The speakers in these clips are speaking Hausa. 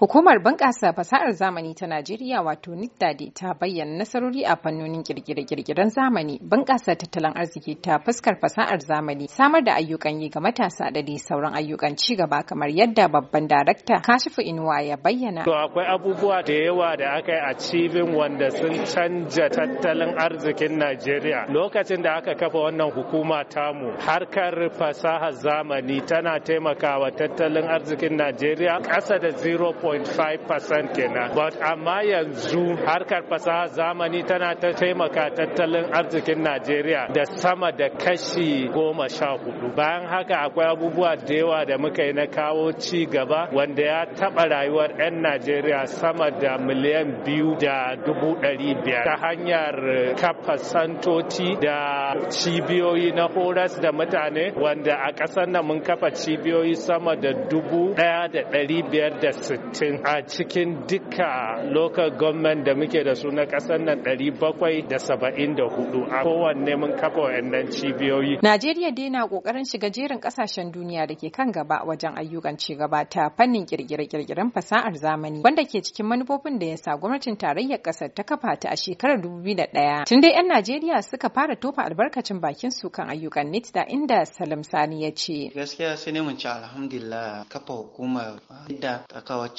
Hukumar bunƙasa fasahar zamani ta Najeriya wato NIDDADE ta bayyana nasarori a fannonin kirkire-kirkiren zamani, bunƙasa tattalin arziki ta fuskar fasahar zamani, samar da ayyukan yi ga matasa da dai sauran ayyukan ci gaba kamar yadda babban darakta Kashifu Inuwa ya bayyana. To akwai abubuwa da yawa da aka yi achieving wanda sun canja tattalin arzikin Najeriya. Lokacin da aka kafa wannan hukuma tamu, harkar fasahar zamani tana taimakawa tattalin arzikin Najeriya ƙasa da 0. 1.5% kenan but amma yanzu harkar fasaha zamani tana ta taimaka tattalin arzikin Najeriya da sama da kashi goma sha hudu bayan haka akwai abubuwa da yawa da muka yi na kawo ci gaba wanda ya taɓa rayuwar 'yan Najeriya sama da miliyan biyu da dubu ɗari biyar ta hanyar kafa santoci da cibiyoyi na horas da mutane wanda a ƙasar nan mun kafa cibiyoyi sama da dubu ɗaya da ɗari biyar da sittin mutum a cikin duka local government da muke da su na kasar nan 774 a kowanne mun kafa wayannan cibiyoyi. Najeriya dai na ƙoƙarin shiga jerin kasashen duniya da ke kan gaba wajen ayyukan ci gaba ta fannin kirkire-kirkiren fasahar zamani wanda ke cikin manufofin da ya sa gwamnatin tarayyar ƙasar ta kafa ta a shekarar dubu 2001. Tun dai 'yan Najeriya suka fara tofa albarkacin bakin su kan ayyukan da inda Salim Sani ya ce. Gaskiya sai ne mun ci alhamdulillah kafa hukumar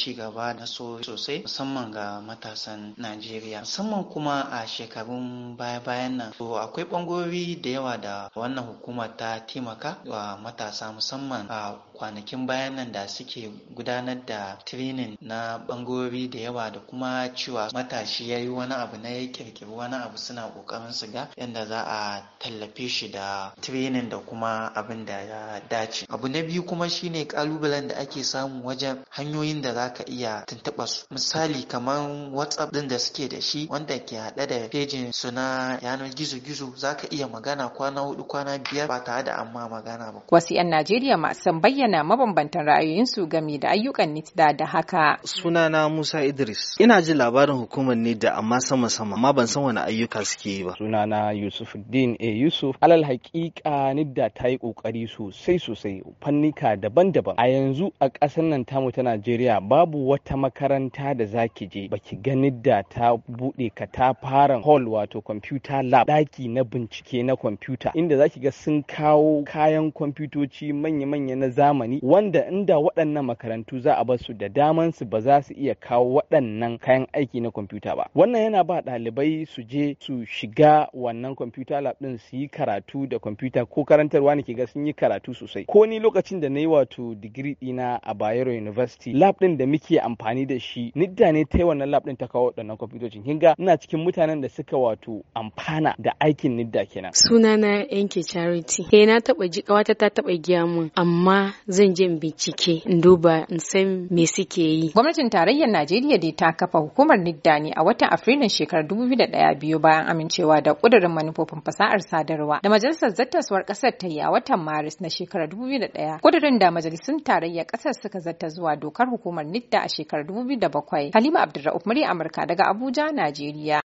ci gaba na so sosai musamman ga matasan Najeriya musamman kuma a shekarun baya-bayan nan to akwai bangarori da yawa da wannan hukuma ta taimaka wa matasa musamman a kwanakin bayan nan da suke gudanar da training na bangarori da yawa da kuma cewa matashi ya yi wani abu na ya kirkiri wani abu suna kokarin su ga yadda za a tallafe shi da training da kuma abin da ya dace abu na biyu kuma shine kalubalen da ake samu wajen hanyoyin da za ka iya tuntuɓa su misali kamar whatsapp ɗin da suke da shi wanda ke haɗe da pejin su na yanar gizo-gizo za ka iya magana kwana hudu kwana biyar ba tare da amma magana ba. Wasu 'yan Najeriya masu bayyana mabambantan ra'ayoyinsu game da ayyukan NITDA da haka. Sunana Musa Idris. Ina ji labarin hukumar NITDA amma sama-sama amma ban san wani ayyuka suke yi ba. Sunana Yusuf Din A. Yusuf. Alal haƙiƙa NITDA ta yi ƙoƙari sosai sosai fannika daban-daban. A yanzu a ƙasar nan tamu ta Najeriya babu babu wata makaranta da za ki je ba ki gani da ta buɗe ka ta fara hall wato computer lab ɗaki na bincike na computer inda za ki ga sun kawo kayan kwamfutoci manya-manya na zamani wanda inda waɗannan makarantu za a basu da daman su ba za su iya kawo waɗannan kayan aiki na kwamfuta ba wannan yana ba ɗalibai su je su shiga wannan computer lab ɗin su yi karatu da kwamfuta ko karantarwa ne ke ga sun yi karatu sosai ko ni lokacin da na yi wato digiri ɗina a Bayero University lab ɗin da muke amfani da shi nidda ne ta wannan lab din ta kawo waɗannan kwamfutocin kin ga ina cikin mutanen da suka wato amfana da aikin nidda kenan sunana yanke charity eh na taɓa ji kawata ta taɓa giya mun amma zan je in bincike in duba in san me suke yi gwamnatin tarayyar Najeriya dai ta kafa hukumar nidda ne a watan Afrilun shekarar dubu biyu da ɗaya biyu bayan amincewa da ƙudurin manufofin fasahar sadarwa da majalisar zattaswar ƙasar ta yi a watan Maris na shekarar dubu biyu da majalisun tarayyar kasar suka zata zuwa dokar hukumar nidda Halitta a shekarar 2007. Halima Abdulrauf murya Amurka daga Abuja, Najeriya.